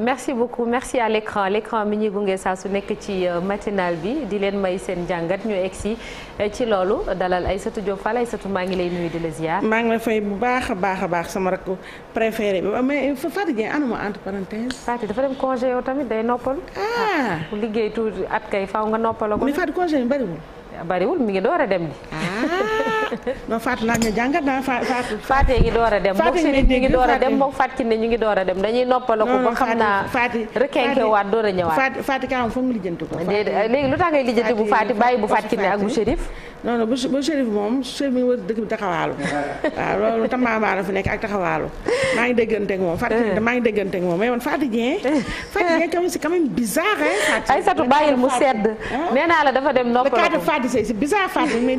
merci beaucoup merci à l'écran l'écran mi ñuy gunge saa su nekk ci euh, matinal bi di leen may seen jàngat ñu egsi euh, ci loolu dalal Aïssatou Diop Fall Aïssatou maa ngi lay nuyu di la maa ngi lay fay bu baax a baax a baax sama rakk préféré bi euh, mais Fatou Dieng anuma entre parenthèse. Fatou dafa dem congé yow tamit day noppal. ah ku liggéey tuuti at kay faw nga noppaloo ko. mais Fatou congé yi bariwul. bariwul mi ngi door a dem li non Fatou laaj na jàngat naa Fatou. Fatou ngi door a dem Fatou ñu ngi door a dem moom Fatou ne ñu ngi door a dem dañuy noppaloo ko ba xam naa. Fatou Fatou waat door a ñëwaat. Fatou Fatou Kaama foog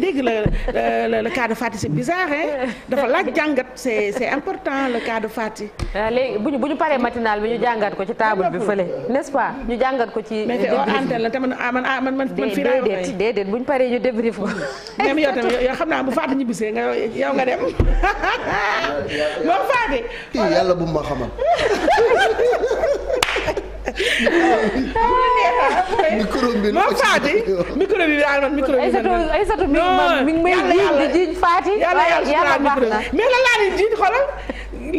dégg la euh, la cas de Fati c'est bizarre hein dafa laaj jàngat c'est c'est important le cas de Fati. Ah, léegi bu ñu bu ñu paree matinal bi ñu jàngat ko ci table bi fële n'est-ce ñu jàngat ko ci. mais oh, te hors la te man ah, ah, man man man fii laa déedéet déedéet bu ñu paree ñu débrief eh. ko. même tamit yow xam naa bu Fati ñibbisee nga yow nga dem moom Fati. yàlla bu ma xamal. micro bi moom Fati micro bi daal man micro bi. Aïssatou mi ngi may jiiñ di jiiñ Fati. yàlla yàlla baax na mais lan laa jiiñ xoolal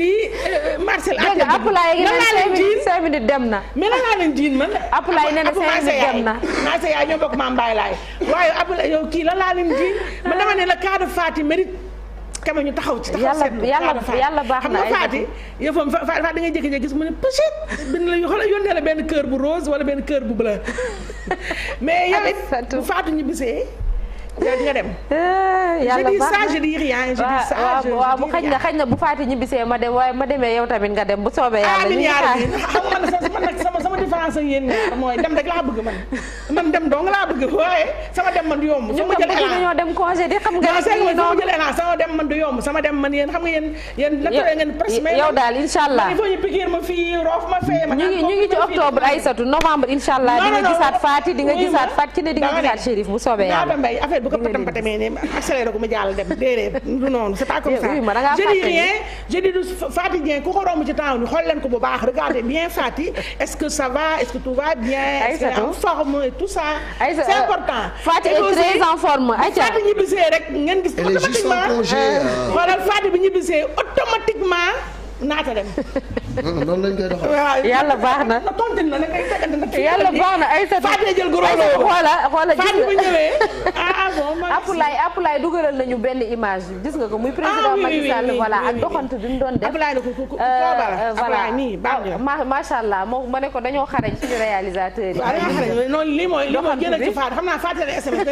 lii euh, Marcel. àtte bi lan laa jiiñ cinq minutes dem na. mais lan laa jiiñ man. Apulaay nee na cinq minutes dem na. Marcel yaay ñoo bokk maa mbaay laay waaye Apulaay yow kii lan laa leen jiiñ man dama ne la cas de Fati kame ñu taxaw ci taxaw seetlu yàlla yàlla baax na ay faati yëfam fa fa da ngay jékki-jékki gis mu ne pëchet bind la xoolal yónnee la benn cœur bu rose wala benn cœur bu bleu mais yow it bu faatu ñu bisee yow di nga dem. Eh, yàlla baax na je dis ça je dis ma dem waaye ma demee yow tamit nga dem bu soobee yàlla. amiin yaa rabbi xam nga man nag sama sama différence ak yéen mooy dem rek laa bëgg man. man dem dong laa bëgg sama dem man du yomb sama dem man du yomb sama dem man yéen xam nga yéen yéen naturel ngeen presque yow daal inshallah il faut ñu piquer ma fii roof ma ci ne di nga gisaat bu soobee yàlla mbay affaire bu ko patam patamee ne accéléré ko mu jàll dem déedéet du noonu c'est pas comme eh ça je ci temps ni xool leen bu baax regardez bien Fati est-ce que ça va est-ce que tout va bien ça. ay c'est euh, important. Fatou est très en forme. Aïssa Fatou ñibbisee rek ngeen gis. automatiquement euh, euh. xoolal Fatou bi ñibbisee automatiquement naata dem. Ah, ah, noonu lañ yàlla baax na yàlla baax na ay sa. Fatou jël goro loolu xoola xoola. Fatou bu ñëwee. Ah, ah bon dugalal nañu benn image gis nga ko muy président Macky Sall voilà ak doxantu bi mu doon def. Apulaay ko ku ku euh, euh, moom ma ne dañoo xarañ suñu yi. noonu lii mooy lii mooy génn ci Fatou xam naa Fatou ne SMS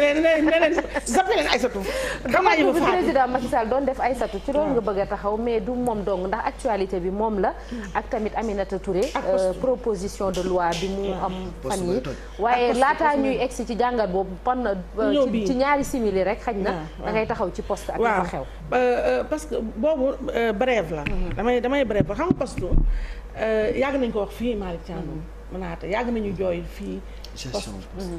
doon def Aïssatou ci loolu nga bëgg a taxaw mais du moom dong ndax actualité bi moom la ak tamit Aminata Touré. Euh, proposition de loi bi mu am fan yi waaye laataa ñuy egsi ci jàngat boobu pan euh, ci ñaari simili rek xaj na ah, da ngay taxaw ci poste ak dafa xew euh, parce que boobu brève la mhm. damay damay brève ba xam nga poste yàgg nañ ko wax fi Malick Thiandoum mhm. manaata yàgg nañu jooy fii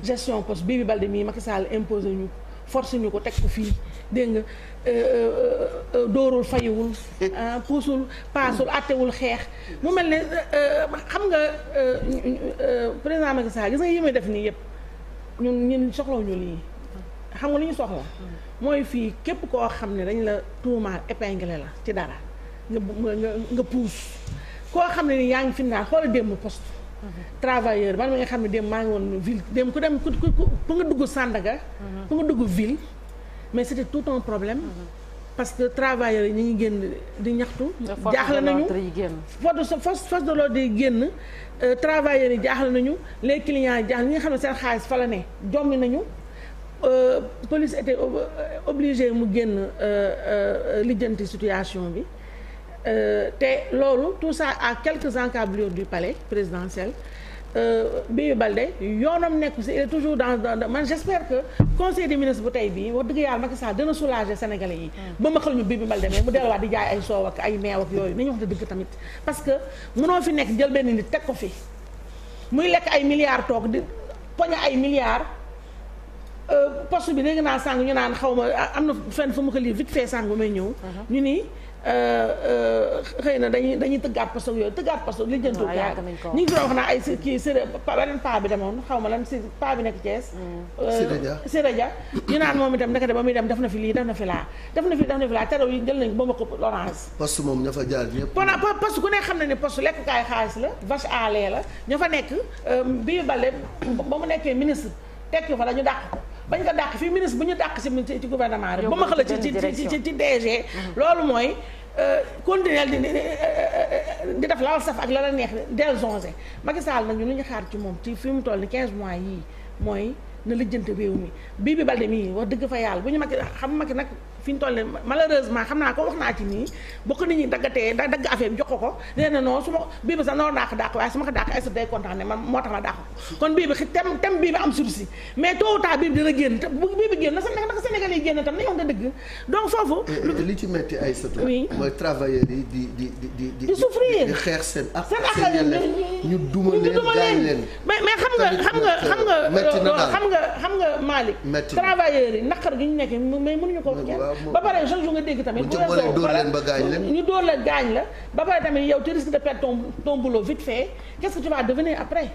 gestion poste mhm. Bibi Baldé mii Macky Sall imposé ñu force ko teg ko fii dégg nga euh, euh, euh, dóorul fayiwul ah, puusul paasul àttewul xeex mu mel ne xam nga président Macky Sall gis nga yi muy def nii yëpp ñun ñun soxlawuñu lii xam nga lu ñu soxla mooy fii képp koo xam ne dañ la tuumaal épinglé la ci dara nga puus koo xam ne ni yaa ngi fi naan démb poste travailleur man mi nga xam ne dem maa ngi woon ville dem ku dem ku ku nga dugg Sandaga. Mhm. ku nga duggu ville mais c'était tout un problème. Mhm. parce que travailleurs yi ñu ngi génn di ñaxtu. jaaxle nañu force force de l'ordre di génn. Euh, travailleurs yi jaaxle nañu les clients yi jaaxle ñi nga xam ne seen xaalis fa la ne jommi nañu. Euh, police était obligée mu génn euh, lijjanti situation bi. Euh, te loolu tout ça à quelques encablures du palais présidentiel euh, Bibi Baldé yoonam nekk si il toujours dans dans man j'espère que conseil des ministres bu tey bii wax dëgg yàlla Macky Sall dana soulager sénégale yi. Mm. ba ma xal ñu Bibi Baldé mais mu delluwaat di jaay ay soow ak ay meew ak yooyu nañu wax dëgg tamit parce que mënoo fi nekk jël benn nit teg ko fi muy lekk ay milliards toog di poñe ay milliards. Euh, poste bi dégg naa sàng ñu naan xaw ma am na fenn fu mu ko lii vite may ñëw mm-hmm. xëy na dañuy dañuy tëggaat pasoog yooyu tëggaat pasoog li jëntoo gaar ñu wax naa ay si kii séré beneen paa bi demoon xaw lan si paa bi nekk Thiès mm. euh, Sirédia ñu naan moom itam ndekete ba muy dem def na fi lii def na fi laa def na fi def na fi laa terew yi jël nañ ba ma ko orange poste moom ña fa jaar ñëpp poste ku nekk xam ne ni poste lekkukaay xaalis la vache à la ña fa nekk euh, bi balde ba mu nekkee ministre tekki fa la dàq ko bañ ko dàq fii ministre bu ñu dàq si ci gouvernement rek ba ma xala ci ci ci ci DG mhm. loolu mooy euh, continuel di di euh, def lal saf ak la la neex del zonge Macky Sall nag ñu lu ñu xaar ci moom ci fi mu toll ni 15 mois yii mooy na lijjante réew mi bii bi balde mii wax dëgg fa yàlla bu ñu Macky xam Macky nag fi ñu tollee malheureusement xam naa ko wax naa ci nii bokk nit ñi daggatee da dagg affaire bi jox ko ko nee na non su ma bii bi sax naroon naa ko dàq waaye su ma ko dàq Aïssatou day kontaan ne man moo tax ma dàq ko kon bii bi tem tem bii bi am sursi mais tôt ou tard bii bi dina génn te bu bii bi génn na sax naka Sénégalais yi génn tam nañu wax nga dëgg donc foofu eh, li ci metti Aïssatou mooy travailleurs yi di di di di di souffrir di xeex seen ak seen yelleef ñu duma leen gaañ leen mais mais xam nga xam nga xam nga euh, xam nga xam nga Malick travailleurs yi naqar gi ñu nekkee mais mënuñu ko kenn ba pare chaque jour nga dégg tamit. bu jëmmalee dóor leen ba gaañ leen ñu dóor la gaañ la. ba pare tamit yow tu de perdre ton ton boulot vite devenir après.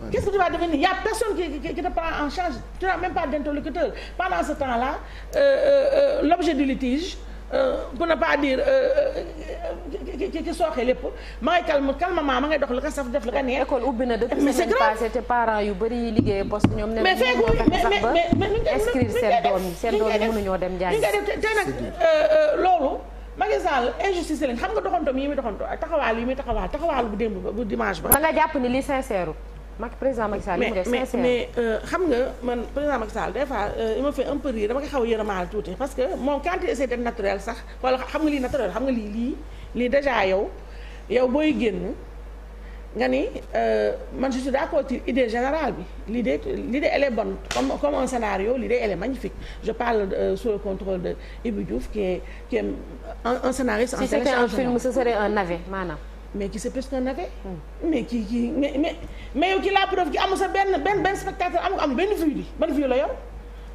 Ouais. quest devenir il a personne qui, qui, qui te prend en charge tu même pas d'interlocuteur pendant ce temps-là euh, euh, euh, l'objet du litige. Euh, pour ne pas dire ki euh, euh, ki lépp ma ngay calme calmement ma ngay dox la ko saf def la ko neex. école ubbi na depuis semaine passée te parents yu bëri yi liggéey poste ñoom. nee sax ba inscrire seen doom yi seen doom yi mënuñoo dem jàng. te nag lañ xam nga doxantoom yi muy doxantoo ak taxawaal yi muy taxawaal taxawaal bu démb ba bu dimanche ba. da nga jàpp ni li sincère. Macky président Macky Sall mais mais euh, xam nga man président Macky Sall des euh, m'a fait un peu rire dama koy xaw yërëmaal tuuti parce que moom quand il essaie d'être naturel sax wala xam nga lii naturel xam nga lii lii lii déjà yow yow booy génn nga ni euh, man je suis d'accord idée générale bi l'idée l'idée elle est bonne comme comme un scénario l'idée elle est magnifique je parle euh, le contrôle de Ibou Diouf qui est qui est un, un scénariste. si c'était un film ce serait un navet mais ci se personne n'avait hmm. mais kii kii mais mais mais yow ki la preuve ki amul sa benn benn benn spectateur amul amul benn vue bi ban vue la yow.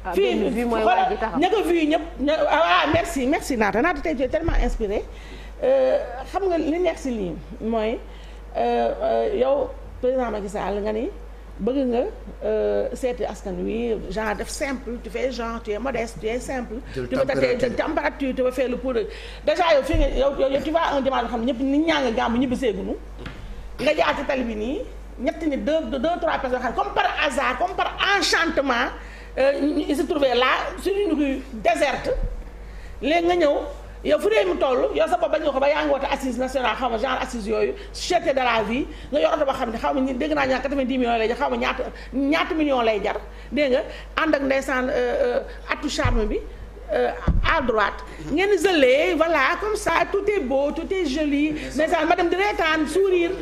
ah benn vue mooy waa ji taxaw fii ña ko vue ah, ah, merci merci naata naata tey jii tellement inspiré euh, xam nga li neex si lii mooy euh, euh, yow président sa Sall nga ni. bëgg nga euh, seeti askan wi genre def simple tu fais genre tu es modeste tu es simple. tu vas tâter température tu vas faire le pour déjà yow fii nga yow tu vas un dimanche xam ñëpp nit ñaa nga gàmb ñibbi seegunu nga jaar ci tali bi nii ñetti ni deux deux trois personnes xam comme par hasard comme par enchantement euh, ils se trouvaient là sur une rue déserte léegi nga ñëw. yow fu dee mu toll yow sa bopp bañ ko ba yaa ngi woote assise nationale xaw ma genre assise yooyu cherté de la vie nga yor oto ba xam ne xaw ma ñu dégg naa ñaar quatre-vingt-dix millions lay jar xaw ma ñaata ñaata millions lay jar dégg ànd ak ndeysaan euh, euh, atu charme bi euh, à droite ngeen zëlee voilà comme ça tout est beau tout est joli ndeysaan madame di reetaan sourire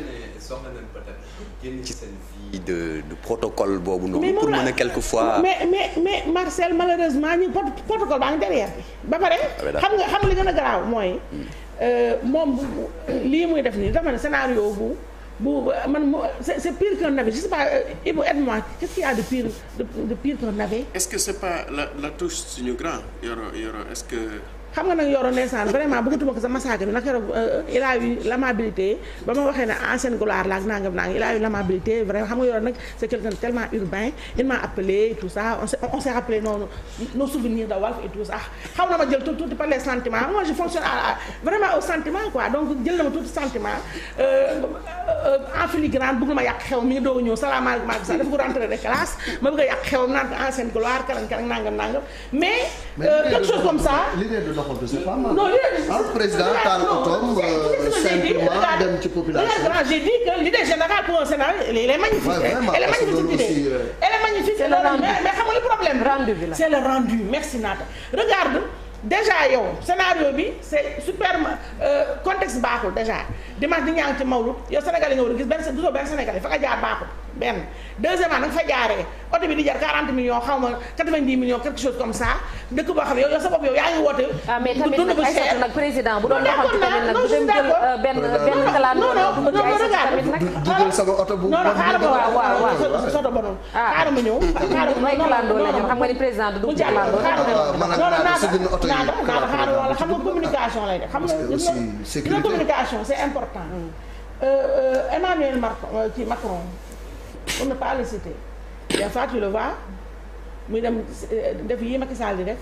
génn ci seen vie boobu noonu. pour mën a mais mais mais Marcel malheureusement ñu protocole baa ngi derrière bi. ba pare ah, xam nga xam nga li gën a garaaw mooy. Hmm. Euh, moom lii muy def nii dama ne scénario bu. bu man mo c'est pire qu'un navet je pas euh, Ibou aide-moi qu'est-ce qu'il y a de pire de, de pire navet. est-ce que c'est pas la la touche suñu grand Yoro Yoro est-ce que. xam nga nag yoro ndeysaan vraiment bëggatuma ko sa massacre bi naka euh, il a eu l'amabilité ba ma waxee ne ancienne gloire laak na ma jël tout tout par les sentiments moi je fonctionne à na ma tout sentiment euh, euh, en filigrane bëgg ma yàq xew mi dooga ñëw salaamaaleykum ak sax dafa ko rentré de classe ma bëgg a yàq xewam naan ancienne gloire kalang kalang mais quelque chose comme ça doxantu c'est pas mal. non le président taal ci population. j'ai dit que l'idée générale pour un Sénégal elle est magnifique. elle est magnifique idée elle est magnifique. c'est le rendu mais xam nga le problème. rendu bi la c'est le rendu merci Nata regarde. déjà yow scénario bi c'est super contexte baaxul déjà dimanche di ñaa ngi ci Mawlud yow Sénégal yi nga war a gis benn Sénégal yi fa nga jaar baaxul. benn deuxièmement da nga fa jaaree oto bi di jar 40 millions xaw ma 90 millions quelque chose comme ça dëkk boo xam ne yow yow sa bopp yow yaa ngi woote. bu ah, dund bu cher nag président bu doon doxal ci tamit nag bu dem jël euh, benn benn kalandoo bu bëgg ay sa tamit nag. du jël sama oto bu. non non xaaral ma waaw waaw waaw soto ba noonu. Ah, xaaral ma ñëw. xaaral ma kalandoo la ñoom xam nga ni président du dugg kalandoo. Ah, non non naata naata xaaral wala xam nga communication lay def. xam nga communication c'est important. Mm. Euh, euh, Emmanuel Macron ci Macron. on ne pas le citer des muy dem euh, def yi Macky Sall di def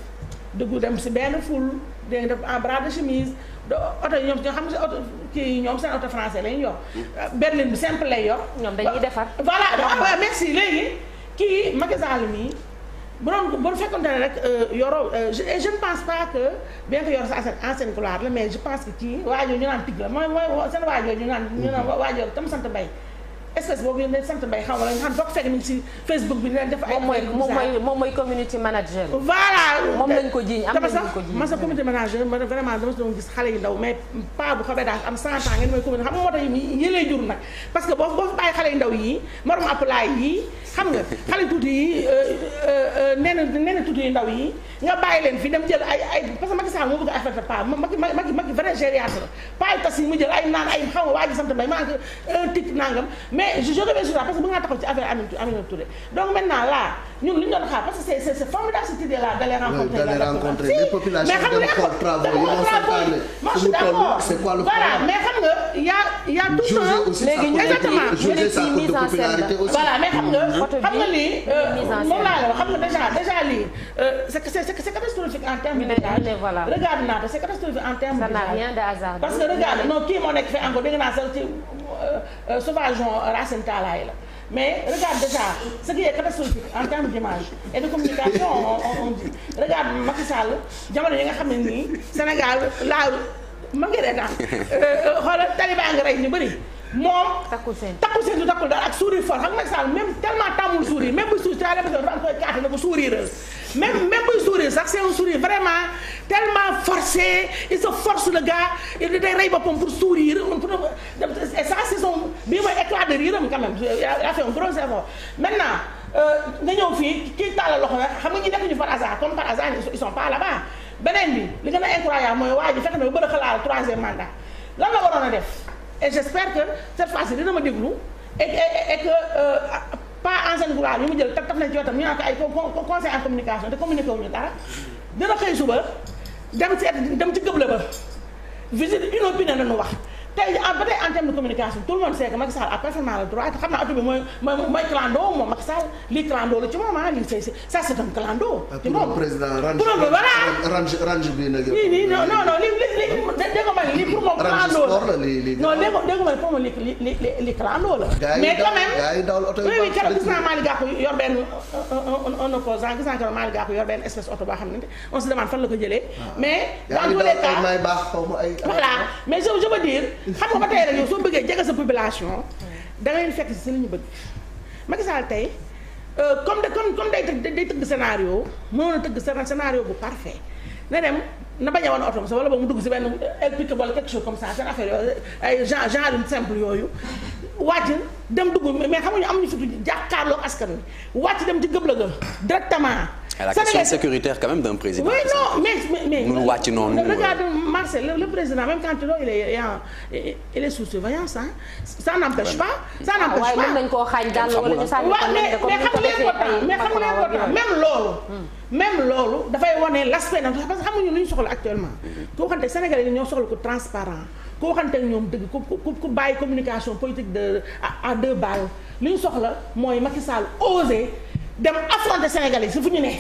dugg dem si benn foule dégg def en bras de chemise do oto yi ñoom xam ne oto kii ñoom seen oto français lañ yor mm. berline bi simple lay yor. ñoom dañuy defar. voilà waaw ah, merci léegi kii Macky Sall mii bu doon bu fekkonte ne rek euh, yoroo euh, et je ne pense pas que bien que yor sa ancienne gloire la mais je pense que kii waajoo ñu naan tig la mooy mooy seen waajoo ñu naan. ñu naan mm-hmm. waajoo tam sant bay espèce boobu yéen dañ sant mbay xaw ma la nga xam bokk fekk nañ si Facebook bi community manager voilà moom community manager man vraiment yu ndaw moo tax yi lay jur nag parce que boo boo bàyyi xale yu ndaw yi morom appelaay yi xam euh, euh, euh, na yu tas yi mu jël ay naan ay xam nga waa ji sant mbay maa un titre nangam mais je reviens sur ça parce que bëgg naa taxaw ci affaire Aminata donc maintenant là ñun li ñu doon parce que c'est c'est c'est formidable cette idée là d'aller rencontrer d'aller rencontrer les populations dem xool travaux yi nga santaane fu mu toll c'est quoi le problème voilà mais xam nga y a y tout un léegi ñu exactement jauger sa cote de popularité aussi voilà mais xam nga xam nga lii euh, moom laa la wax xam nga déjà déjà lii euh, c'est c'est c'est catastrophique en termes d'image regarde naa ko c'est catastrophique en termes parce que regarde non kii Racine Talla la mais regarde sa ce qui est catastrophique en termes d'image et de communication on on dit regarde Macky Sall yi nga xam ne nii Sénégal laaw ma ngi dee naan euh, euh, xoolal talibaa nga rey ñu bëri moom. takku seen takku seen du takkul daal ak sourire fort xam nga Macky Sall même tellement tàmmul sourire même bu suur daal dafa am koy kaate na ko même même buy sourire sax c'est un sourire vraiment tellement forcé il se force le gars il day rey boppam pour sourire et ça c'est son bii mooy éclat de rire am quand même il a fait un gros effort maintenant euh, nga ñëw fii kii tàllal loxo nag xam nga ñu ñu par hasard comme par hasard ils sont pas là beneen bi li gën a incroyable mooy waa ji fekk na ba bëri xalaal troisième mandat la waroon a def et j'espère que cette fois-ci dina ma déglu euh, pas ancien gouvernement yu mu jël taf taf nañ ci wetam ñu naan ko ay conseil en communication te communiqué wuñu dara dina xëy suba dem seet dem ci gëble ba visite inopinée la ñu wax tey ah, ba tey en terme de communication tout le monde sait que Macky Sall a parfaitement le droit xam naa oto bi mooy mooy clando moom Macky Sall lii clando la ci moom ah lii c'est ça c'est un clando. Ah, ci moom président range voilà. range range bi nag. lii nii non non non lii lii dégg ma lii la sport la lii lii. non mais quand même gars yi yi oui boo xam ne on se la ko jëlee. Ah. mais dans tous les cas xam nga ba tey rek soo bëggee jege sa population. da ngay fekk si li ñu bëgg. Macky Sall tey euh, comme de comme comme day tëgg day tëgg scénario mënoon a tëgg scénario bu parfait na dem na bañ a wan oto wala boog mu dugg si benn pick-up wala quelque chose comme ça seen affaire yooyu ay genre genre simple yooyu. wàcc dem dugg mais xam nga ñu am ñu fitu jàkkaarloog askan wi wàcc dem ci gëblëga directement. à la question sécuritaire quand même d'un président. Oui, non, mais mais nous wàcc noonu. regarde euh. Marcel le, le président même quand il est il, il est sous surveillance hein. ça n'empêche pas. Ah pas dañ koo xaañ daal wala xam mais xam nga même loolu. même loolu dafay wane l'aspect nag parce que xamuñu lu ñu soxla actuellement. Mm-hmm. koo xamante Sénégalais yi ñoo soxla ko transparent koo xamante ne ñoom dëgg ku ku ku bàyyi communication politique de à deux balles li ñu soxla mooy Macky Sall osé. dem affronter Sénégalais si fu ñu ne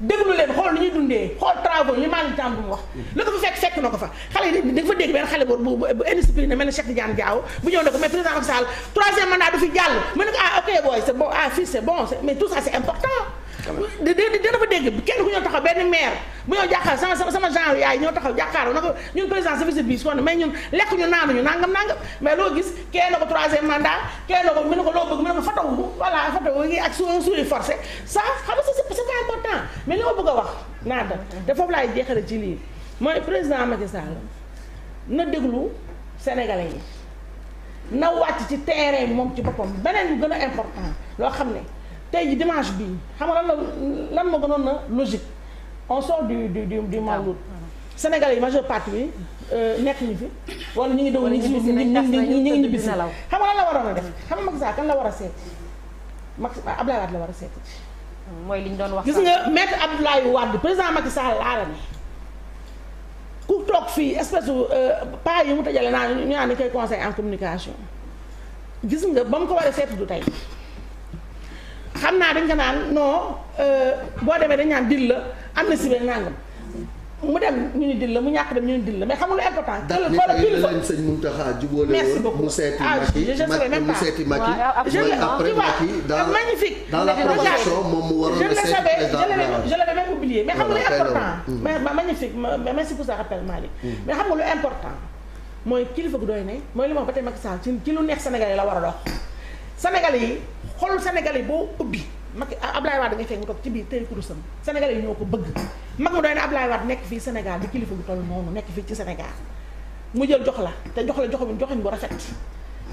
déglu leen xool lu ñuy dundee xool travaux yi maa ngi tàmm bu mu wax. la ko fa fekk fekk na ko fa xale yi da nga fa dégg benn xale boobu bu bu indiscipliné mel ne Cheikh Tidiane Diaw bu ñëw ne ko mais président Macky Sall troisième mandat du fi jàll mu ne ko ah ok booy c'est bon ah fii c'est bon mais tout ça c'est important. d da dafa dégg kenn ku ñoo taxaw benn maire bu ñoo jàkkaar sama sama genre yaay ñoo taxaw jàkkaaroo na ko ñun président service bi soo ne mais ñun lekk ñu naanuñu nangam nangam mais loo gis kenn ko troisième mandat kenn ko mu ne ko loo bëgg mu ne ko fatawu voilà fatawu ngi ak su suñuy forcé ça xam nga c'est c'est pas important mais li ma bëgg a wax naa da te foofu laay jeexale ci lii mooy président Macky Sall na déglu sénégalais yi na wàcc ci terrain bi moom ci boppam beneen bu gën a important loo xam ne tey ji dimanche bi xam nga lan la lan ma gënoon na logique on sort du du du du Maouloud ah. Sénégalais yi majeure partie bi euh, nekk ñu fi wala ñu ngi doon ñu ngi ñu ngi ñu ngi ñibbisi xam nga lan la waroon a def xam nga Macky Sall kan la war a seeti Macky Abdoulaye Wade la war a seeti mooy li ñu doon wax gis nga maître Abdoulaye Wade président Macky Sall laala ne ku toog fii espèce euh, pas yi mu tajale naa ñu naan ni koy conseil en communication gis nga ba mu ko war a seeti du tey xam naa dañ ko naan non euh, boo demee dañ naan dil la am na si benn nangam mu dem ñu ni dil la mu ñàkk dem ñu ni dil la mais xam nga lu important. xoolal kilifa daal sëñ Mountakha jubóole woon mu seeti ah, Macky mu seeti Macky mooy après Macky dans magnifique dans la promotion moom mu waroon a seeti président je l'avais même oublié mais xam nga lu important mais mm. magnifique merci pour ça rappel Malick mm. mais xam nga lu important mooy kilifa gu doy ne mooy li moom ba tey Macky Sall ci ci lu neex Sénégalais la war a dox Sénégalais yi xol Sénégalais boo ubbi Macky ah, Ablaye Wade ngay fekk mu toog ci biir tey kurusam Sénégalais yi ñoo ko bëgg mag mu doy na Ablaye Wade nekk fii Sénégal di kilifa gu toll noonu nekk fii ci Sénégal mu jël jox la te jox la joxuñu bu rafet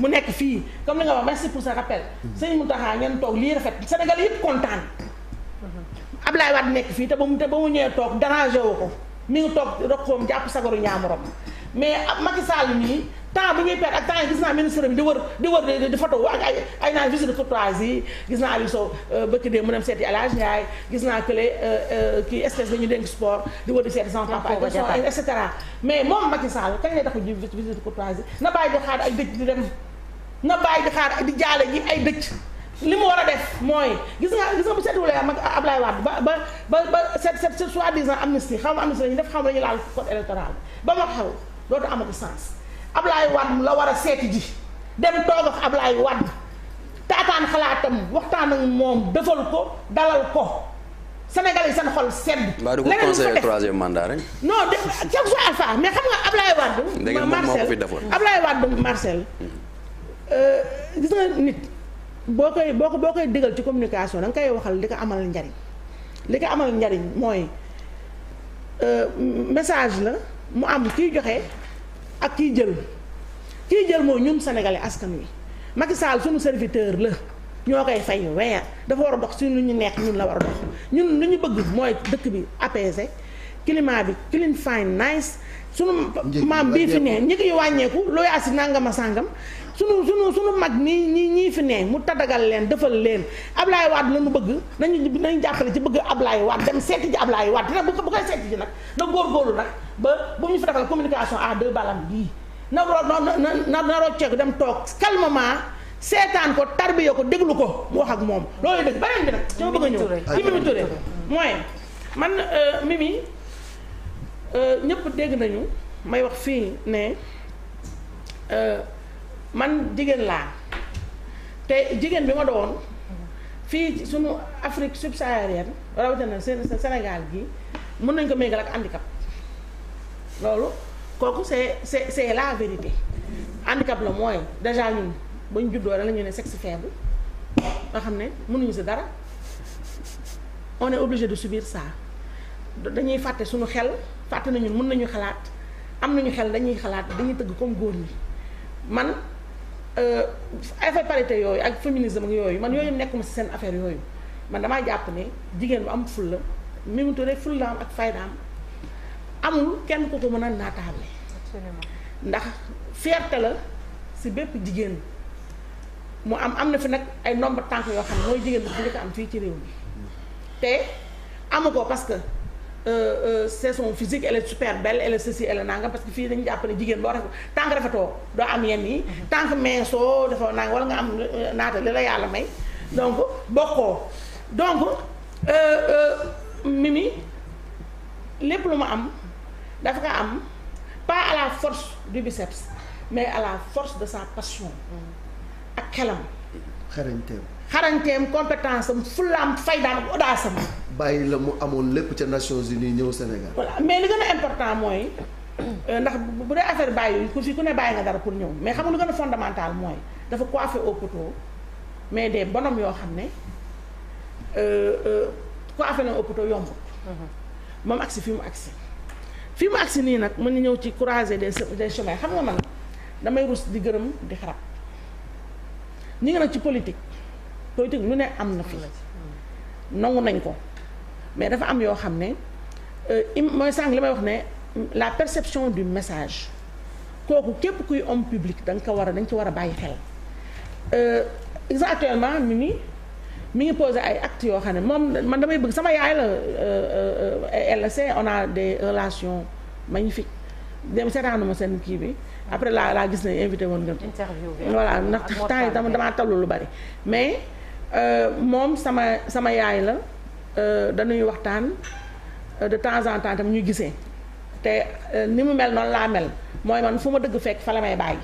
mu nekk fii comme li nga wax merci pour ce rappel sëñ Mountakha ngeen toog lii rafet Sénégalais yëpp kontaan Ablaye Wade nekk fii te ba mu te ba mu ñëwee toog dérangé woo ko mi ngi toog rokkoom jàpp sagaru ñaamuram mais Macky Sall nii temps bi ñuy perdre ak temps yi gis naa ministre bi di wër gis naa Aliou Sow euh, bëkk dee mu dem seeti El Hadj Ndiaye gis naa kële euh, euh, kii espèce dañu dénk sport di wër di seeti sans papa et cetera mais moom Macky Sall kañ lay taxaw ji visite courtoisie na bàyyi ay dëj di li mu war a def mooy gis nga gis nga bu seetlu wala mag Ablaye xaw ma amnistie la def xaw ma la laal code électoral ba ma xew dootu amatu sens Ablaye Wade la war a seeti ji dem toog ak Ablaye Wade taataan xalaatam waxtaan ak moom defal ko dalal ko Sénégal yi seen xol sedd. leneen du ko conseiller troisième mandat rek. non de chaque fois euh, koy boo ci communication da nga koy waxal li ko amal njariñ li ko amal njariñ mooy euh, message la. mu am kiy joxe ak kiy jël kiy jël moo ñun sénégalais askan wi Macky Sall suñu serviteur la ñoo koy fay weer dafa war a dox suñu lu ñu neex ñun la war a dox ñun lu ñu bëgg mooy dëkk bi apaisé climat bi clean fine nice suñu maam bii fi ne ñi koy wàññeeku looy asi nangama sàngam sunu sunu sunu mag nii ñii ñii fi ne mu tadagal leen defal leen Ablaye Wade la mu bëgg nañu nañu jàppale ci bëgg Ablaye Wade dem seeti ji Ablaye Wade dina bu bu koy seeti ji nag na góorgóorlu nag ba bu ñu fi defal communication à deux balam bii na na na na na rocceeku dem toog calmement. seetaan ko tarbiya ko déglu ko mu wax ak moom loolu dëgg beneen bi nag ci ma bëgg a ñëw ci Mimi Touré mooy man euh, Mimi euh, ñëpp dégg nañu may wax fii ne euh, man jigéen laa te jigéen bi ma doon fii suñu Afrique subsaharienne rawatina senegaal gi mën nañ ko méngal ak handicap loolu kooku c'est c'est c'est la vérité handicap la mooy déjà ñun ba ñu juddoo rek la ñu ne sexe faible nga xam ne mënuñu si dara on est obligé de subir ça dañuy fàtte suñu xel fàtte nañu mën nañu xalaat am nañu xel dañuy xalaat dañuy tëgg comme góor ñi man Euh, affaire parité yooyu ak féminisme ak yooyu man yooyu nekkuma si seen affaire yooyu man damaa jàpp ni jigéen bu am fulla Mimi Touré fullaam ak faydaam amul kenn ku ko mën a naataale ndax fierté la si bépp jigéen mu am am na fi nag ay nombre tànk yoo xam ne mooy jigéen bu njëkk am fii ci réew mi te amu ko parce que Euh, euh, saison physique elle est super belle elle est ceci elle est nangam parce que fii dañu jàpp ne jigéen boo rafet tant que doo am yenn yi. Mhm. tant que meesoo dafa nangam wala nga am euh, naata li la yàlla may. donc bokkoo donc mimi lépp lu ma am dafa ko am pas à la force du biceps mais à la force de sa passion. Mhm. ak xelam. xarañteem xarañteem compétence am fullaam faydaam ak audace am bàyyi la mu amoon lépp ca Nations Unies ñëw Sénégal. voilà mais li gën a important mooy euh, ndax bu dee affaire bàyyi ku fi ku ne bàyyi nga dara pour ñëw mais xam nga lu gën mooy dafa coiffé au poteau mais des bonhommes yoo xam ne euh, euh, coiffé na au poteau yombut. Mm-hmm. moom agsi fi mu agsi fi mu agsi nii nag mën na ñëw ci croisée des des chemins xam nga man damay rus di gërëm di xarab ñu ngi nag ci politique politique lu ne am na fi nangu nañ ko mais dafa am yoo xam ne euh, mooy sànq li may wax ne la perception du message kooku képp kuy homme public da nga ko war a da ci war a bàyyi xel euh, exactement mi ni mi ngi posé ay act yoo xam ne moom man damay bëgg sama yaay la euh, elle sait on a des relations magnifiques dem seetaanuma seen kii bi après laa laa gis ne invité woon nga interview voilà ndax temps yi dama damaa tallu lu bari mais moom sama sama yaay la Euh, dañuy waxtaan euh, de temps en temps tam ñu gisee te euh, ni mu mel noonu laa mel mooy man fu ma dëgg fekk fa la may bàyyi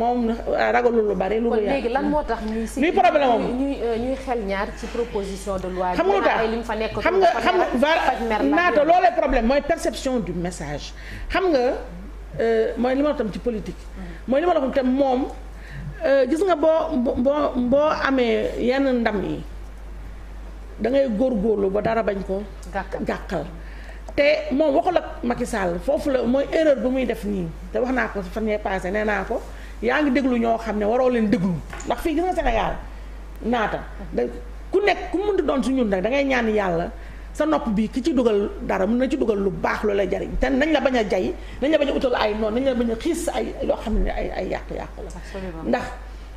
moom ragalul lu bari. lu léegi lan moo tax ñuy si ñuy xel ñaar ci proposition de loi. xam nga tax xam nga xam nga naata loolee problème mooy perception du message xam nga mooy li ma tam ci politique. Mm-hmm. mooy li ma la tam moom gis nga boo boo boo amee yenn ndam yi. da ngay góorlu ba dara bañ ko gàkkal te moom waxul ak Macky Sall foofu la mooy erreur bu muy def nii te wax naa ko fan yee nee naa ko yaa ngi déglu ñoo xam ne waroo leen déglu ndax fii gis nga Sénégal naata da nekk ku mënti doon su ñun nag da ngay ñaan yàlla sa nopp bi ki ci dugal dara mën na ci dugal lu baax lu lay jariñ te nañ la bañ a jay nañ bañ utal ay noon nañ bañ a xiis ay loo xam ne ay ay yàqu-yàqu la ndax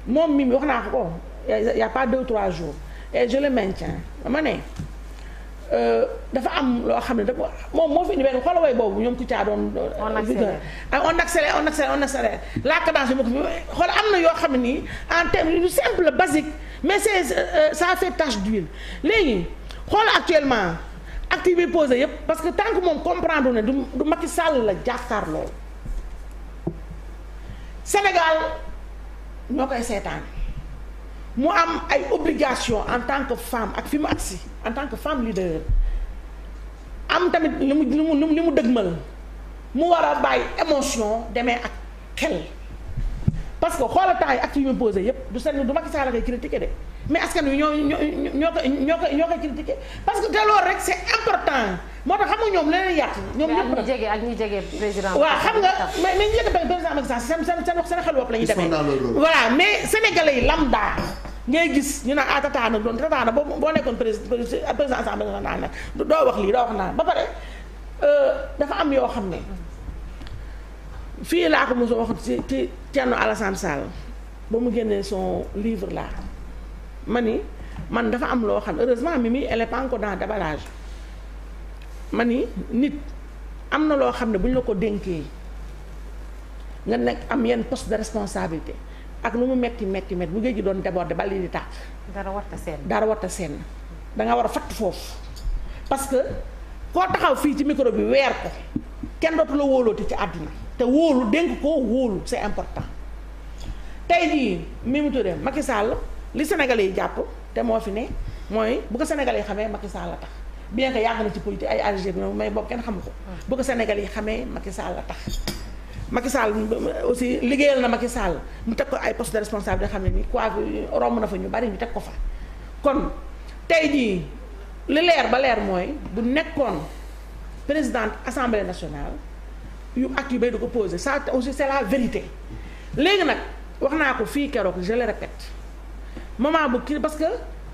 moom mi mi wax naa ko ko a pas deux trois jours et je le maintiens ma ne euh, dafa am loo xam ne dafa moom moo fi indi benn xoolaway boobu ñoom ku caa doon. Euh, on accélère ah, on accélère on accélère on accélère la cadence bi ko xool am na yoo xam ne nii en terme lu simple basique mais c'est euh, ça fait tache d'huile léegi xool actuellement acte yi posé yëpp parce que tant moom comprendre ne du du Macky Sall la jàkkaar lool Sénégal ñoo koy seetaan. mu am ay obligation en tant que femme ak fi mu agsi en tant que femme leader am tamit li mu li mu li mu dëgmal mu war a bàyyi émotion demee ak xel parce que xoola temps yi actes yi ñu posé yépp du seen du Macky Sall la koy critiqué de mais askan wi ñoo ñoo ñoo koy ñoo koy critiqué parce que te loolu rek c'est important moo tax xam nga ñoom leneen yàq ñoom ñëpp nag jege président xam nga mais mais ñi jege président Macky Sall seen seen xel wopp la demee voilà mais sénégalais yi lambda ngay gis ñu naan ah tata nag doon tata nag boo boo nekkoon président président assemblée nationale doo wax lii doo wax naan ba pare euh, dafa am yoo xam ne fii laa ko mos a wax ci ci Thierno Alassane Sall ba mu génnee son livre là ma ni man dafa am loo xam heureusement mi mi elle est pas encore dans man ni nit am na loo xam ne bu ñu la ko dénkee nga nekk am yenn poste de responsabilité ak lu mu metti metti metti bu géej gi doon déborder bali di tàkk. dara warta seen dara warta seen da nga war a fatt foofu parce que koo taxaw fii ci micro bi weer ko kenn dootu la wóolooti ci àddina te wóolu dénk ko wóolu c'est important tey jii Mimi Touré Macky Sall li Sénégalais yi jàpp te moo fi ne mooy bu ko Sénégalais yi xamee Macky Sall tax bien que yàgg na ci politique ay AG mais boobu kenn xamu ko. Mm. bu ko Sénégal yi xamee Macky Sall la tax. Macky Sall aussi liggéeyal na Macky Sall mu teg ko ay poste de responsable yoo xam ne nii quoi romb na fa ñu bari ñu teg ko fa. kon tey jii li leer ba leer mooy bu nekkoon présidente assemblée nationale yu ak yu bay du ko posé ça aussi c'est la vérité léegi nag wax naa ko fii keroog je le répète moment bu kii parce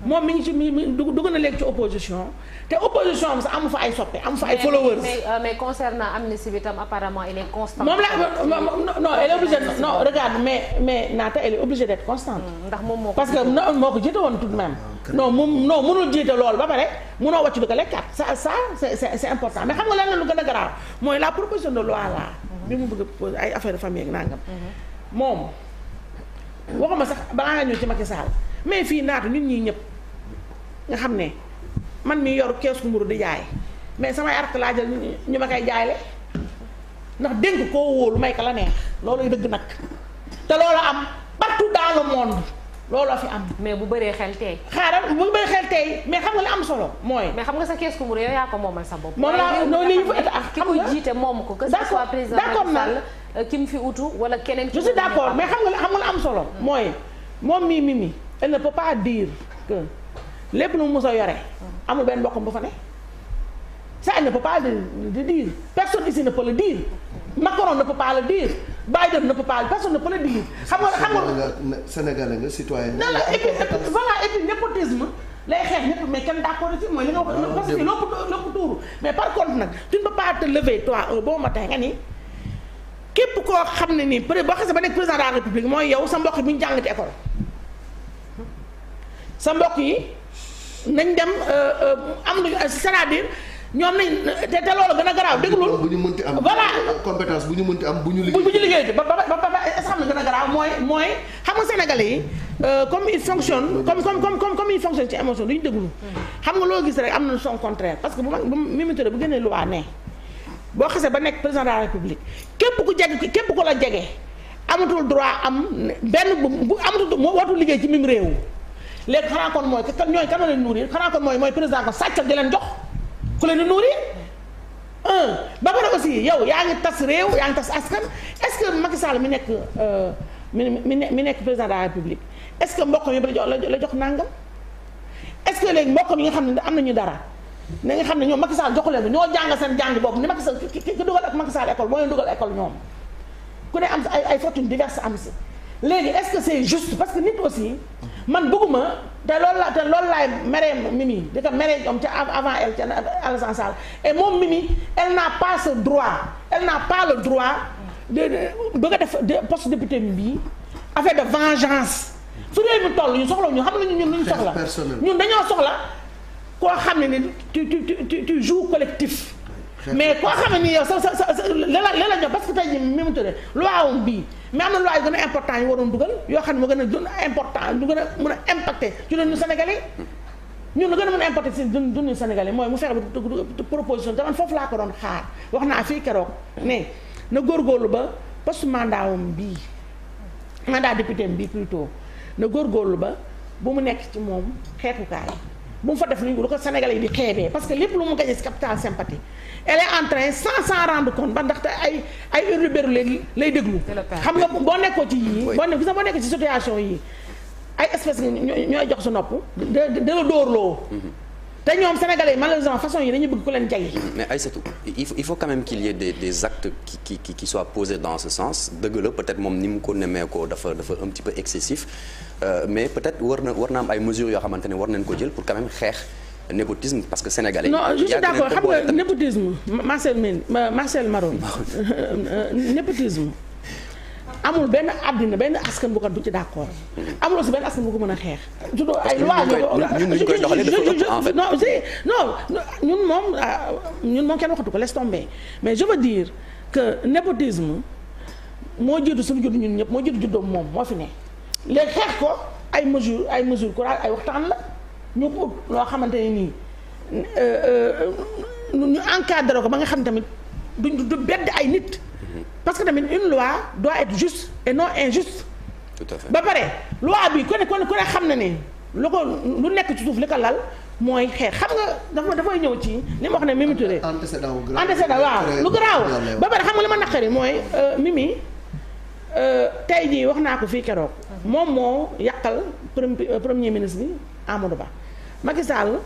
moom mi ngi ci mi dugg na léegi ci opposition te opposition am sax amu fa ay soppe amu fa ay followers. mais euh, mais concernant amnistie bi tam apparemment il est constant. moom la non elle est obligée non mais mais Naata elle est obligée mm, moo ko parce que moo woon tout de même. non moom non mënul jiite ba pare mënoo wàcc du ko lekkat ça ça c'est important mais xam nga lan la lu gën a garaaw mooy la proposition de loi là. bi mu bëgg a proposé ay affaire de famille ak nangam. Mm-hmm. moom waxuma sax balaa nga ñëw ci Macky Sall mais fii naata ñun ñii ñëpp. nga xam ne man mi yoru keesu mburu di jaay mais samay arta laa ñu ma koy jaayle ndax dénk koo wóolu may ka la neex looluy dëgg nag te loolu am partout dans le monde looloo fi am. mais bu bëree xel tey. xaaral bu bëree xel tey mais xam nga li am solo mooy. mais xam nga sa kees ku mu yow yaa sa bopp. moom laa jiite moom ko. que ce soit président Macky Sall euh, fi utu wala keneen. je suis d'accord mais xam nga xam nga am solo. Mm. mooy moom mii mii mii elle lépp lu mu mos yore. amul benn mbokkam bu fa ne. ça elle ne peut pas le dire personne ici ne peut le dire Macron ne peut pas le dire Biden ne peut pas personne ne peut le dire. nga xam nga Sénégalais nga citoyen nga. la nga wax. Ah, parce que lépp lépp tuuru mais par contre nag tu ne te lever toi un bon matin nga ni képp koo xam ne nii peut boo xasee ba nekk président de la république mooy yow sa mbokk bi ñu jàng ci école sa mbokk yi. nañ dem euh, euh, am lu c'est-à-dire ñoom nañ te te loolu gën a garaaw déglul bu ñu mënti am voilà compétence bu ñu mënti am bu ñu liggéey bu ñu liggéey ba ba ba est-ce que xam nga gën a garaaw mooy mooy xam nga sénégalais yi euh, comme il fonctionne comme comme comme comme comme il fonctionne ci émotion du ñu déglu xam nga loo gis rek am na son contraire parce que bu ma bu Mimi Touré bu génnee loi ne boo xasee ba nekk président de la république képp ku jege képp ku la jege amatul droit am benn bu amatul moo wartu liggéey ci mim réew léegi xanaa kon mooy kan ñooy kan la leen nourrir xanaa kon mooy mooy président ko sàccal di leen jox ku leen di nourrir un ba pare aussi yow yaa ngi tas réew yaa ngi tas askan est-ce que mi nekk euh, mi nekk président de la République est-ce que mbokk mi la jox nangam est-ce que nga xam ne am nañu dara na nga xam ne ñoom Macky Sall joxu leen ñoo jàng seen jàng boobu ni Macky Sall ki dugal ak Macky Sall école moo leen dugal école ñoom ku ne am ay ay fortune diverse am si léegi est-ce que c'est juste parce que nit aussi man bëgguma te loolu la te loolu laay meree Mimi di ko meree ñoom ca avant elle ca Alassane Sall et moom Mimi elle n'a pas ce droit elle n'a pas le droit de bëgg a def poste député bii affaire de vengeance su réew mi toll ñu soxla ñu xam nañu ñun lu ñu soxla ñun dañoo soxla koo xam ne ni tu tu tu tu joues collectif mais koo xam ni yow sa sa sa la la ñoom parce que tey jii mi mu tuddee loi am mais am na loi gën a important yu waroon dugal yoo xam ne moo gën a dund important lu gën a mën a impacté ci dund Sénégalais ñun lu gën a mën a impacté si dund dund Sénégalais mooy mu fexe ba proposition te man foofu laa ko doon xaar wax naa fii keroog ne na góorgóorlu ba poste mandat am bii mandat député am bii plutôt na góorgóorlu ba bu mu nekk ci moom xeexukaay. bu mu fa def lu ko Sénégalais yi di xeebee parce que lépp lu mu gagné si capital sympathie elle est en train sans s'en rendre compte ba ndaxte ay ay hurluberlu lay déglu. xam nga boo nekkoo ci yii. boo ne gis nga boo nekkoo ci situation yii ay espèce ñooy jox sa nopp. de de la dóorloo. Mm-hmm. te ñoom sénégalais malheureusement façon yi dañu bëgg ku leen jaay. mais Aïssatou il faut il faut quand même qu'il y des actes qui qui posés dans ce sens dëgg la peut-être moom ni mu ko nemmee ko dafa dafa un petit peu excessif euh, mais peut-être war na am ay mesures yoo xamante ne war nañ ko jël pour quand même xeex. népotisme parce que sénégalais. non je d'accord xam nga népotisme Marcel Maron euh, euh, népotisme. amul benn àddina benn askan bu ko du ci d'accord amul aussi benn askan bu ko mën a xeex. surtout ay lois yooyu non si non ñun moom ah, ñun moom kenn waxatu ko laisse tomber mais je veux dire que népotisme moo jiitu suñu juddu ñun ñëpp moo jiitu juddoom moom moo fi ne léegi xeex ko ay mesures ay mesures courage ay waxtaan la ñu ko ut loo xamante ne nii euh, euh, ñu encadré ko ba nga xam tamit duñ du bedd ay nit. parce que tamit une loi doit être juste et non injuste. tout ba pare loi bi ku ne ku ne xam na ni lu ko lu nekk ci suuf li ko lal mooy xeex xam nga dafa dafay ñëw ci li ma wax ne Mimi Touré. antécédent wu grave antécédent waaw lu grave ba pare xam nga li ma naqari mooy euh, Mimi euh, tey jii wax naa ko fii keroog. moom moo yàqal premier euh, ministre amado Ba Macky Sall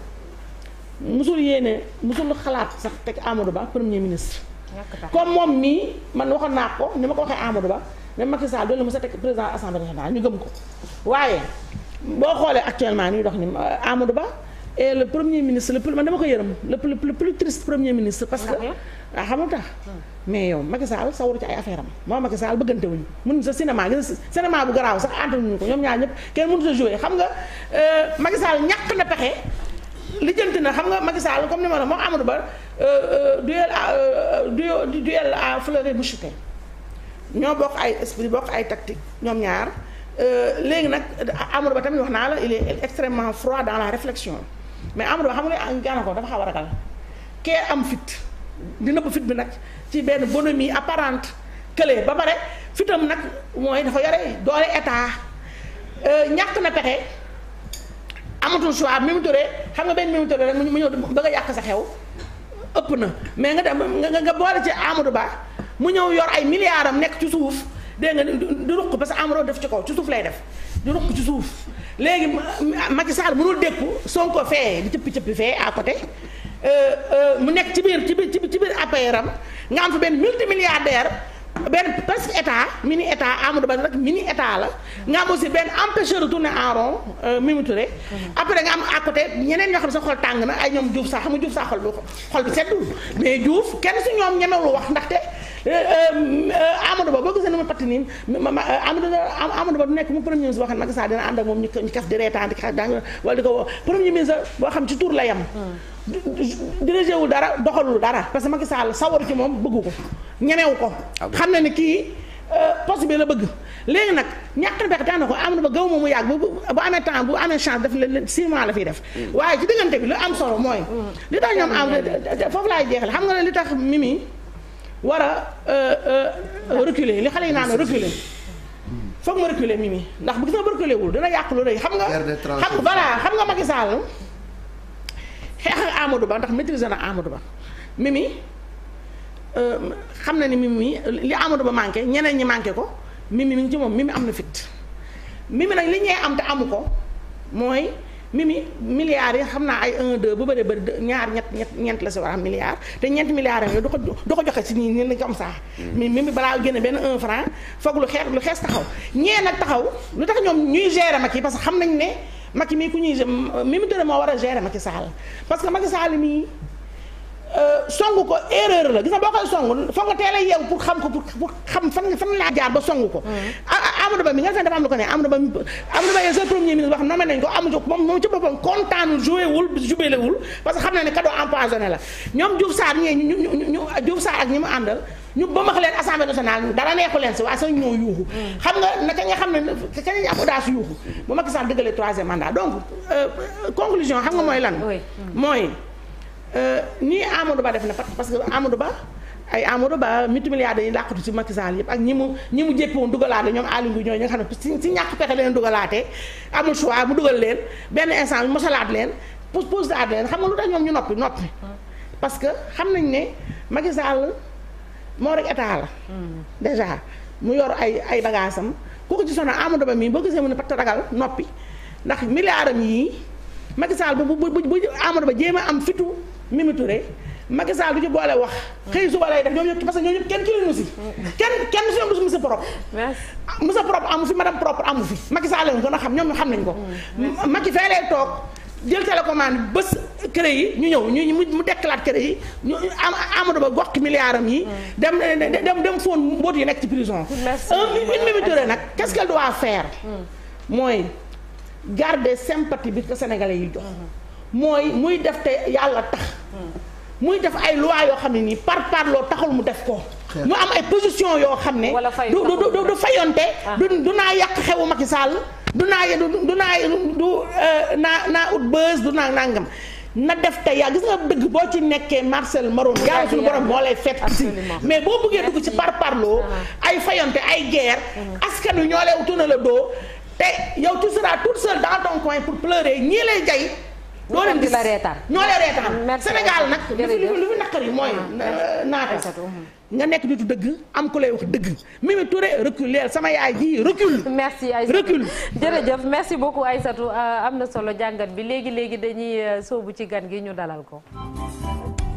musul yéene musul xalaat sax teg Amadou Ba premier ministre. comme moom mii man waxoon naa ko ni ma ko waxee Amadou Ba ne Macky Sall doon la mos a teg président assemblée boo xoolee actuellement ñuy dox ni euh, Amadou Ba et le premier ministre le plus man dama ko yërëm le plus triste premier ministre parce que ah xam nga hmm. mais yow Macky sa war ci ay affaire am moo Macky Sall bëggante wuñu mun sa cinéma gis cinéma bu garaaw sax entre ñu ko ñoom ñaar ñëpp kenn mënut a jouer xam nga euh, Macky Sall ñàkk na pexe lijjanti na xam nga Macky comme ni ma la moo Amadou Ba euh, euh, duel à euh, duel à fleuret moucheté ñoo ko ay esprit bokk ay tactique ñoom ñaar léegi nag Amadou Ba tamit wax naa la il est extrêmement froid dans la réflexion mais Amadou Ba xam nga gaana ko dafa xaw a ragal kee am fit di nëbb fit bi nag ci benn bonhomie apparente kële ba pare fitam nag mooy dafa yore doole état ñàkk na pexe amatul choix Mimi Touré xam nga benn Mimi Touré rek mu ñëw bëgg a yàq sa xew ëpp na mais nga dem nga boole ci Amadou Ba mu ñëw yor ay milliards am nekk ci suuf dégg nga du ruq parce que Amadou def ci kaw ci suuf lay def du ruq ci suuf léegi ma Macky Sall mënul dékku Sonko fee di cëppi cëpp fee à côté euh, euh, mu nekk ci biir ci biir ci biir APR am nga am fa benn multimilliardaire benn presque état mini état Amadou Ba rek mini état la nga am aussi benn empêcheur de tourner en rond euh, Mimi Touré après nga am à côté ñeneen ñoo xam ne sa xol tàng na ay ñoom Diouf sax xam nga Diouf sax xol bi xol bi seddul mais Diouf kenn si ñoom ñemewul wax ndaxte Eh, eh, eh, Amadou Ba boo gisee ne ma patti nii Amadou Amadou Ba du nekk mu premier ministre boo xam ne Macky Sall dina ànd ak moom ñu kas di reetaan di kas daañu wala di ko premier ministre boo xam ci tur la yem hmm. dirigé wul dara doxalul dara parce que Macky Sall sawaru ci moom bëggu ko ñemewu ko xam na ni kii euh, poste bi la bëgg léegi nag ñàkk na pexe daana ko am na ba gaw ma mu yàgg bu bu amee temps bu amee chance daf leen six mois la fiy def hmm. waaye ci diggante bi lu am solo mooy hmm. li am foofu laay li tax mimi war a euh, euh, reculer li xale yi naan reculer foog ma reculer mi ndax bu gis nga ba reculer wul dina yàq lu rëy xam nga xam voilà xam nga Macky Sall xeex ak Amadou Ba ndax maîtriser na Amadou Ba Mimi euh, xam na ni Mimi li Amadou Ba manqué ñeneen ñi manqué ko Mimi mi ngi ci moom Mimi am na fit Mimi nag li ñee am te amu ko mooy Mimi milliards yi xam naa ay 1 2 bu bëree bëri ñaar ñett ñett ñeent la si war a am milliards te ñeent milliards yooyu du ko du ko joxe si nii nii comme ça. mi mi balaa génne benn 1 franc foog lu xeex lu xees taxaw ñee nag taxaw lu tax ñoom ñuy gérer Macky parce que xam nañ ne Macky mii ku ñuy Mimi Touré moo war a ma Macky Sall parce que Macky Sall mii. Euh, songu ko erreur la gis nga boo koy songu foog nga teel a yeew pour xam ko pour xam fan fan laa jaar ba songu ko. Mm. Amadou Ba mi nga xam ne dafa am lu ko ne Amadou Ba Amadou Ba yow sa premier ministre wax nommé ko amu moom moom ci boppam kontaanul joué na ne cadeau empoisonné la ñoom Diouf Sarr ñee ñu ñu ñu Diouf Sarr ak ñi mu àndal. ñu ba max leen assemblée nationale dara neexu leen si waaye sax ñoo yuuxu. Mm. xam nga naka nga xam ne kañ lañ am audace yuuxu bu Macky Sall dëggalee troisième mandat donc euh, conclusion xam nga mooy lan. mooy. Euh, nii Amadou Ba def na parce que Amadou Ba ay Amadou Ba multimilliardaires yi làqatu ci Macky Sall yëpp ak ñi mu ñi mu jéppoon dugalaate ñoom Aliou Ngouille ñooy ñi nga xam ne si ñu noppi noppi. parce que xam nañ ne Macky Sall moo rek état la. Hmm. déjà mu yor ay ay bagages am ku ko ci sonal Amadou Ba mii boo gisee mu ne patt ragal noppi ndax milliards am yii Macky Sall bu bu bu Amadou Ba jéem a am fitu. Mimi Touré Macky Sall du ci boole wax. xëy suba lay def ñoom ñëpp parce que ñoom si. kenn kenn ñoom du si monsieur propre. monsieur propre amu fi madame propre amu fi Macky Sall lañ a xam ñoom ñu xam nañ ko. Mm. Macky fee lay toog jël télécommande bés kër yi ñu ñëw ñu mu dekkalaat kër yi ñu Amadou Ba gox milliard yi. Mm. dem dem dem fóon mboot yi nekk ci prison. merci une Mimi Touré nag qu'est-ce qu'elle doit faire. Mm. mooy garder sympathie bi ko Sénégalais yi jox. Mm-hmm. mooy muy def te yàlla tax muy def ay loi yoo xam ne nii par par loo taxul mu def ko mu am ay position yoo xam ne du du du fayonte ah. du du naa yàq xewu Macky Sall du naa du naa du euh, naa naa ut bës du naa nangam na def te yaa gis nga dëgg boo ci nekkee Marcel Maron yàlla suñu borom moo lay fekk si mais boo bëggee dugg ci par parloo ah. ay fayonte ay guerre mm. askan wi ñoo lay utuna la doo te yow tu seras tout seul dans ton pour pleurer ñii lay jay doo leen gis la reetaan ñoo la reetaan Sénégal nag lu fi naqar yi mooy euh, naata nga nekk nitu dëgg am ku lay wax dëgg Mimi Touré recul sama yaay ji recul merci Aïssatou recul jërëjëf merci beaucoup Aïssatou euh, am na solo jàngat bi léegi léegi dañuy euh, soobu ci gan gi ñu dalal ko